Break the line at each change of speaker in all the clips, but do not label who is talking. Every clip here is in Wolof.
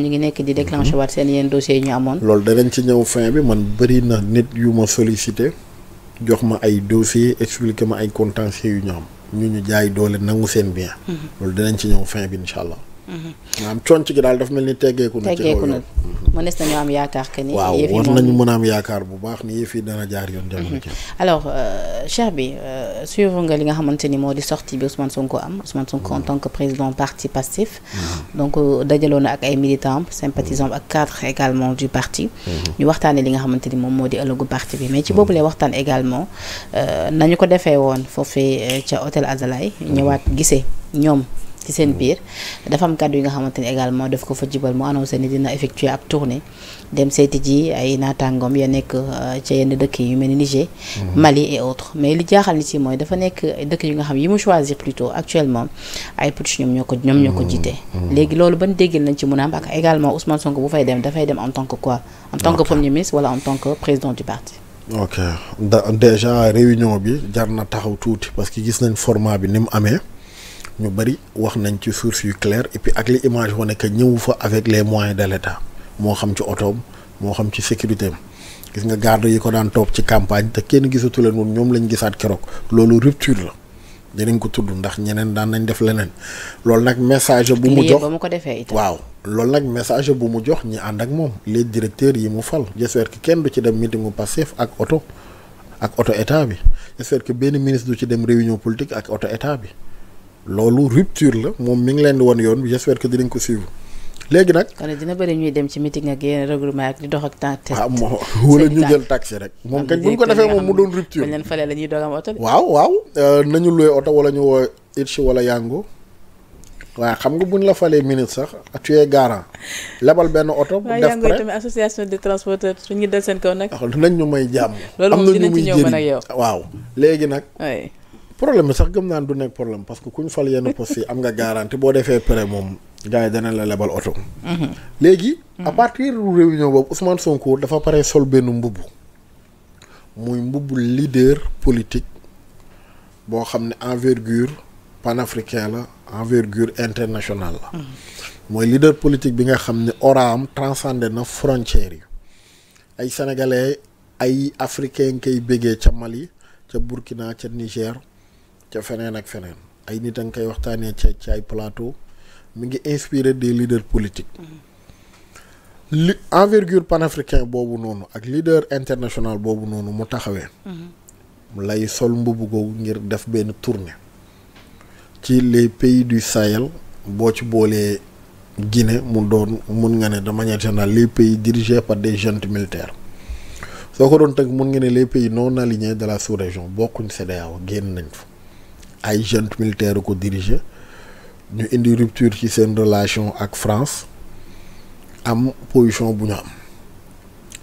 ñu ngi nekk di déclenché waat seen yenn dossiers yi ñu amoon.
loolu danañ ci ñëw fin bi man bëri na nit yu ma sollicité jox ma ay dossiers expliqué ma ay contentieux yu ñu am ñu ñu jaay doole nangu seen bien. Mm-hmm. loolu danañ ci ñëw fin bi incha allah. maanaam conc gi daal daf mel ni teggeeku na. teggeeku na
mënees nañu am yaakaar que ni. a am
bu baax ni yëf yi dana jaar yoon. jamono ji mhm.
alors euh, Cheikh bi euh, suivre nga li nga xamante ni moo di sortie bi Ousmane Sonko am Ousmane Sonko en mhm. tant que président parti Pastef. Mhm. donc euh, dajaloo na ak ay militants sympathisants ak cadres également du parti. ñu waxtaanee li nga xamante ni moom moo di ëllëgu parti bi mais ci boobu lay waxtaan également nañu ko defee woon foofee ca hôtel Azalai ñëwaat gisee ñoom. ci seen biir dafa am kàddu yi nga xamante ni également daf ko fa jibal mu annoncé ni dina effectuer ab tournée dem seeti ji ay naataangoom ya nekk euh, ca yenn dëkk yu mel ni Niger mhm. Mali et autres mais li jaaxal ni ci mooy dafa nekk dëkk yu nga xam yi mu choisir plutôt actuellement ay putsch ñoom ñoo ko ñoom ñoo ko mhm. jiite mhm. léegi loolu ban déggil nañ ci mun a am ak également Ousmane Sonko bu fay dem dafay dem en tant que quoi en tant que premier ministre wala en tant que président du parti
ok da déjà réunion bi jar na taxaw tuuti parce que gis nañ format bi ni mu amee ñu bëri wax nañ ci source yu claire et ak li image wane que ñëwu fa avec les moyens de l'État moo xam ci otoom moo xam ci sécurité gis nga garde yi ko daan toog ci campagne te kenn gisatu leen woon ñoom lañ gisaat keroog loolu rupture la dinañ ko tudd ndax ñeneen daan nañ def leneen loolu nag message bu mu jox waaw loolu nag message bu mu jox ñi ànd ak moom les directeurs yi mu fal j'espère ki kenn du ci dem meetingu Pastef ak oto ak oto état bi j'espère que benn ministre du ci dem réunion politique ak oto état bi loolu rupture la moom mu ngi leen di woon yoon bi j'espère que dinañ ko suivre léegi nag. kon
dina bëri ñuy dem ci meeting ak yeneen regroupement ak di dox ak temps. Ah, waaw ñu jël
rek. moom kañ bu ñu ko defee moom mu
doon rupture. bañ leen fale la ñuy doog am waaw
waaw euh, nañu luwee oto wala ñu woo Itch wala Yango. waaw xam nga bu ñu la falee minute sax tu es garant lebal benn oto. bu def pré tamit association de seen kaw nag. dinañ ah, ñu may jàmm. na ñu muy jëriñ loolu moom dinañ ci ñëw mën ak yow. waaw léegi nag. problème bi sax gëm naan du nekk problème parce que kuñ fal yenn poste yi am nga garantie boo defee prêt moom gars yi dana la lebal oto. Mhm. léegi. à mhm. réunion boobu Ousmane Sonko dafa pare sol benn mbubb muy mbubb leader politique boo xam ne envergure panafricain la envergure internationale la. Mhm. mooy leader politique bi nga xam ne oraam transcendé na frontières yi ay sénégalais ay africain kay bëggee ca Mali ca Burkina ca Niger. ca feneen ak feneen ay nit a nga koy waxtaanee ca ci ay plateau mi ngi inspiré des leaders politiques mm-hmm. li envergure panafricain boobu noonu ak leader international boobu noonu mu taxawee
mm-hmm.
lay sol mbubb googu ngir def benn tournée ci les pays du Sahel boo ci boolee Guinée mu doon mun nga ne de manière générale les pays dirigés par des jeunes militaires soo ko doon tënk mun nga ne les pays non alignés de la sous-région bokkuñ CEDEAO génn nañ fa ay jeunes militaires ko diriger ñu indi rupture ci seen relation ak France am position bu ñu am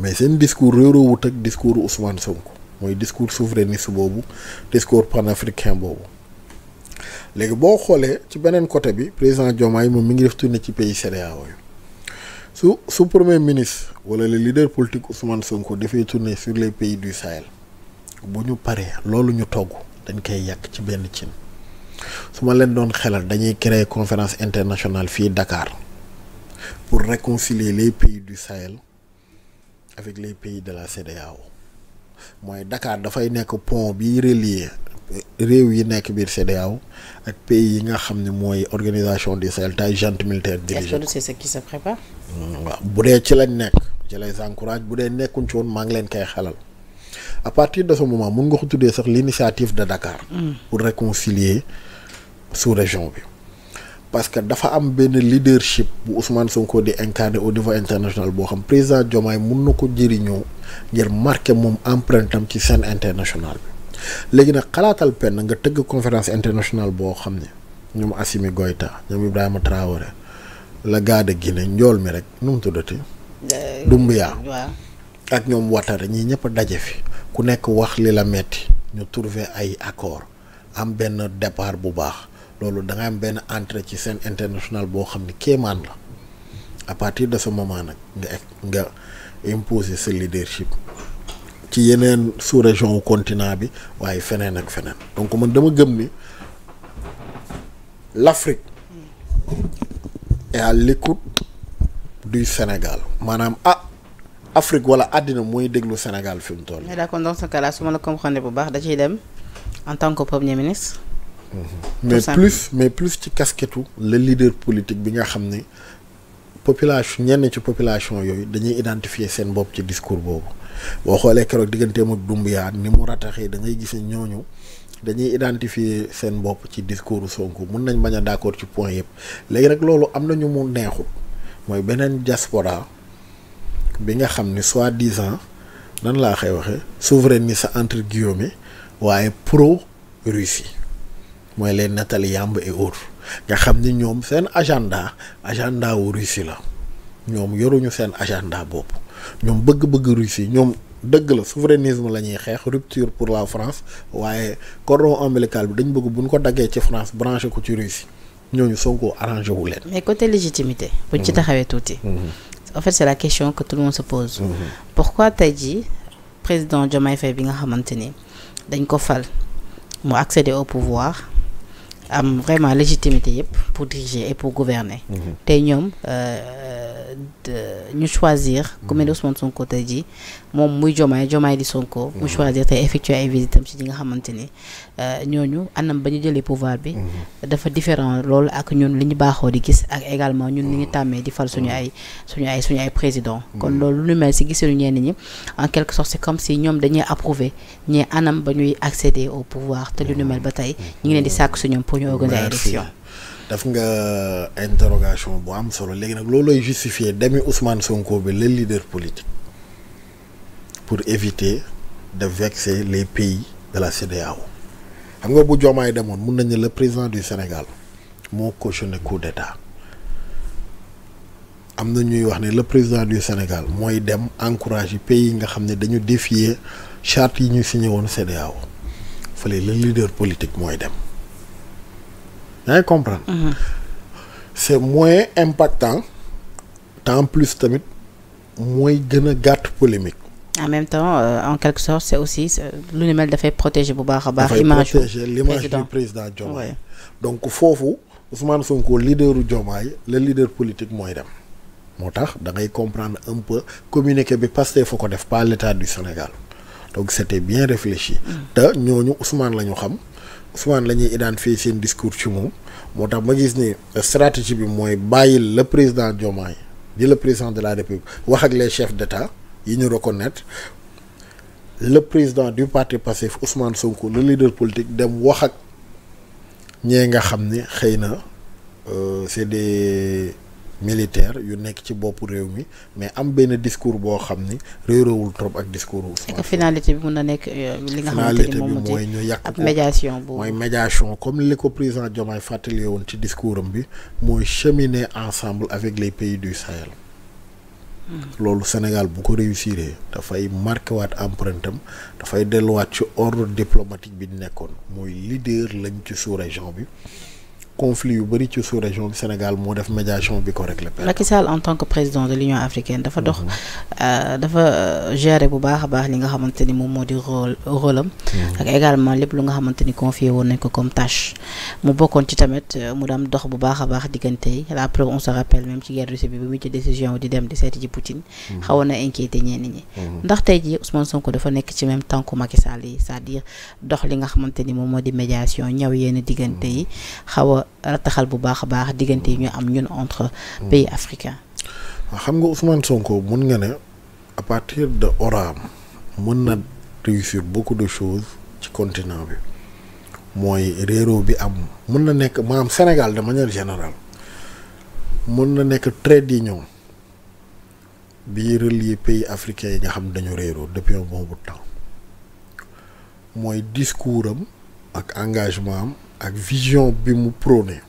mais seen discours réeroowut ak discours Ousmane Sonko mooy discours souverainiste boobu discours panafricain boobu léegi boo xoolee ci beneen côté bi président Diomaye moom mi ngi def tournée ci pays CEDEAO yi su su premier ministre wala le leader politique Ousmane Sonko dafay tourner sur les pays du Sahel bu ñu paree loolu ñu togg. dañ koy yàq ci benn cin su ma leen doon xelal dañuy créer conférence internationale fii dakaar pour réconcilier les pays du Sahel avec les pays de la CEDEAO mooy dakaar dafay nekk pont bi relier réew yi nekk biir CEDEAO ak pays yi nga xam ne mooy organisation du Sahel tay junte militaire dirigée. c'est ce qui se hmm, bu dee ci lañ nekk ci lay encourage bu dee nekkuñ ci woon maa ngi leen koy xelal. à partir de ce moment mun nga ko tuddee sax l'initiative de Dakar. Mm. pour réconcilier sous-région bi. parce que dafa am benn leadership bu Ousmane Sonko di incarné au niveau international boo xam ne président Diomaye mun na ko jëriñoo ngir marqué moom empreinte am ci scène internationale bi léegi nag xalaatal penn nga tëgg conférence internationale boo xam ne ñoom Assimi Goïta ñoom Ibrahima Traoré la gaada de njool mi rek nu mu tuddati. Doumbouya ak ñoom ñii ñëpp daje fi. ku nekk wax li la metti ñu trouver ay accord am benn départ bu baax loolu da nga am benn entrée ci seen internationale boo xam ne kéemaan la à partir de ce moment nag nga nga imposer sa leadership ci yeneen sous région wu continent bi waaye feneen ak feneen donc man dama gëm ni l'Afrique est à l'écoute du Sénégal maanaam ah Afrique wala àddina mooy déglu Sénégal fi mu toll.
mais d'accord dans ce cas-là su ma la comprendre bu baax da ciy dem en tant que premier ministre.
Mm-hmm. mais plus mais plus ci casquette le leader politique bi nga xam ne population ñenn ci population yooyu dañuy identifier seen bopp ci discours boobu boo xoolee keroog digganteem ak Doumbouya ni mu rataxee da ngay gis ñooñu. dañuy identifier seen bopp ci discours Sonko mun nañ bañ a d'accord ci point yëpp léegi nag loolu am na ñu mu neexul mooy beneen diaspora bi nga xam ni soi-disant nan laa koy waxee sa entre guillemets waaye pro Russie mooy les Nathalie Yamb et autres nga xam ni ñoom seen agenda agenda wu Russie la ñoom yoruñu seen agenda bopp ñoom bëgg-bëgg Russie ñoom dëgg la souverainisme la ñuy xeex rupture pour la France waaye cordon ombilical bi dañ bëgg buñ ko daggee ci France branché ko ci Russie ñooñu Sonko arrangé wu leen.
mais côté légitimité. buñ ci mmh. taxawee tuuti. Mmh. en c'est la question que tout le monde se pose. Mhm. pourquoi tey jii président Diomaye Faye bi nga xamante ni dañ ko fal mu accéder au pouvoir. am vraiment légitimité yëpp pour diriger et pour gouverner. Mhm. tey ñoom euh, ñu choisir ku mel ne Ousmane Sonko tey jii moom muy Jomaay Jomaay di Sonko. mu mhm. choisir tey effectuer ay visitam ci ñi nga xamante ni euh, ñooñu anam ba ñu jëlee pouvoir bi. Mhm. dafa différent lool ak ñun li ñu baaxoo di gis ak également ñun li ñu tàmmee di fal suñu ay suñu ay suñu ay président. kon loolu lu ñu mel si gisee ñenn ñi en quelque sorte c'est comme si ñoom dañuy approuver ñee anam ba ñuy accéder ñu organiser élection
daf nga interogation bu am solo léegi nag loolooy justifier demi Ousmane Sonko bi le leader politique pour éviter de vexer les pays de la CEDEAO xam nga bu Diomaye demoon mun nañu le président du Sénégal moo cautionné coup d'état am na ñuy wax ne le président du Sénégal mooy dem encourager pays yi nga xam ne dañu défier charte yi ñu signé woon CEDEAO fële le leader politique mooy dem. yaa ngi comprendre. Mhm. c'est moins impactant te plus tamit mooy gën a gàtt polémique.
en même temps euh, en quelque sorte c'est aussi lu ni mel dafay protéger bu baax a baax. image protéger l'image du
président Diomaye ouais. donc foofu Ousmane Sonko leaderu Diomaye la leader politique mooy dem. moo tax da ngay comprendre un peu communiqué bi Pastef foo ko def pas l'état du Sénégal donc c'était bien réfléchi. Mhm. te ñooñu Ousmane la xam. Ousmane la ñuy identifier seen discours ci moom moo tax ma gis ni euh, stratégie bi mooy bàyyil le président Diomaye di le président de la République wax ak les chefs d'État yi ñu reconnaître le président du parti Pastef Ousmane Sonko le leader politique dem wax ak ñee nga xam ni xëy na euh, c'est des militaire yu nekk ci boppu réew mi mais am benn discours boo xam ni réeróowul trop ak discours wu.
finalité bi mun na nekk euh, li nga mooy ñu yàq ko médiation mooy
médiation comme li ko président Diomaye fàttalee woon ci discours am bi mooy cheminer ensemble avec les pays du Sahel. Hmm. loolu Sénégal bu ko réussir dafay marqué waat empreinte am dafay delluwaat ci ordre diplomatique bi nekkoon mooy leader lañ ci sous-région bi. conflit yu bëri ci sous région bi Sénégal moo def médiation bi ko réglé.
Macky Sall en tant que président de l'Union africaine dafa dox mhm. euh, dafa euh, gérer bu baax a baax li nga xamante ni moom moo di rôle rôle mhm. ak également lépp lu nga xamante ni confié woon nañ ko comme tâche mu bokkoon ci tamit euh, mu dam dox bu baax a baax diggante yi la preuve on se rappelle même ci guerre Russie bi bi mu ci décision di dem di seeti ji Poutine mhm. xawoon na inquiété ñenn ñi ndax tey jii Ousmane Sonko dafa nekk a bu baax a baax diggante yi ñu am ñun entre hmm. pays africain
waaw xam nga Ousmane Sonko mun nga ne à partir de Oram mën na réussir beaucoup de choses ci continent bi mooy réeróo bi am mun na nekk maanaam Sénégal de manière générale mun na nekk trade ñëw bi relier pays africains yi nga xam dañu réeroo depuis un bon bout de temps mooy discours am ak engagement am. ak vision bi mu prôné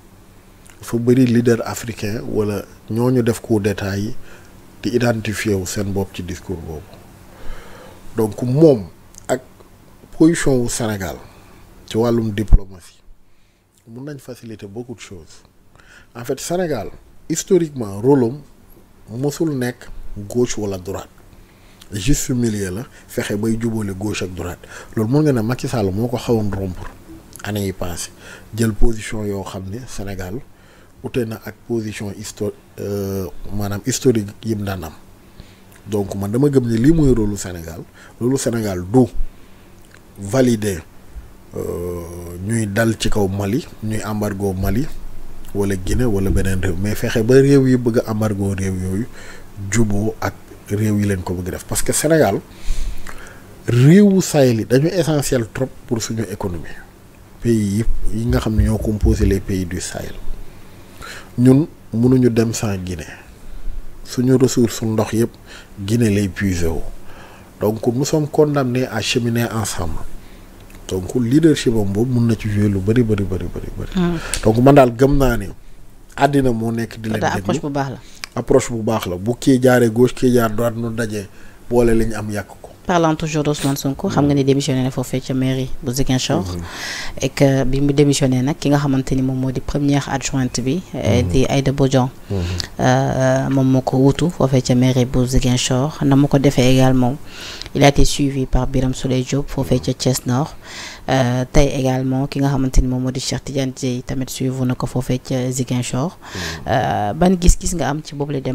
dafa bëri leader africain wala ñu def coup d'état yi di identifier wu seen bopp ci discours boobu donc moom ak position wu Sénégal ci wàllum diplomatie mun nañ faciliter beaucoup de choses en fait Sénégal historiquement rôle am mosul nekk gauche wala droite juste milieu la fexe bay jubale gauche ak droite loolu mën nga ne Macky Sall moo ko xawoon rompre année yi passé jël position yoo xam ne Sénégal ute na ak position histo euh, maanaam historique yi mu daan am donc man dama gëm ne lii mooy rôlu Sénégal rôlu Sénégal du valider euh, ñuy dal ci kaw Mali ñuy embargo Mali wala Guinée wala beneen réew mais fexe ba réew yi bëgg a embargo réew yooyu juboo ak réew yi leen ko bëgg def parce que Sénégal réewu Sahel yi dañu essentiel trop pour suñu économie pays yi nga xam ne ñoo composé les pays du Sahel ñun mënuñu dem sans Guinée suñu su ndox yëpp Guinée lay puiser wu donc nous sommes condamnés à cheminer ensemble donc leadership am boobu mun na ci jouer lu bëri bëri bëri bëri bëri hmm. donc man daal gëm naa ne àddina moo nekk di leen déglu bu baax la approche bu baax la bu kii jaaree gauche kii droite nu dajee boole li am yàq ko
parlant toujours d'Ousmane Sonko xam nga ni démissionné na foofee ca mairie bu Ziguinchor. Mhm. et bi mu démissionné nag ki nga xamante ni moom moo di première adjointe bi. Eh, mhm. di Aïda Bodian. Mhm. Euh, euh, moom moo ko wutu foofee ca mairie bu Ziguinchor na ma ko defee également il a été suivi par Birame Souleye Diop foofee ca Thiès Nord. Euh, tey également ki nga xamante ni moom moo di Cheikh Tidiane Dieye tamit suivre na ko foofee ca Ziguinchor. ban gis-gis nga am ci boobu la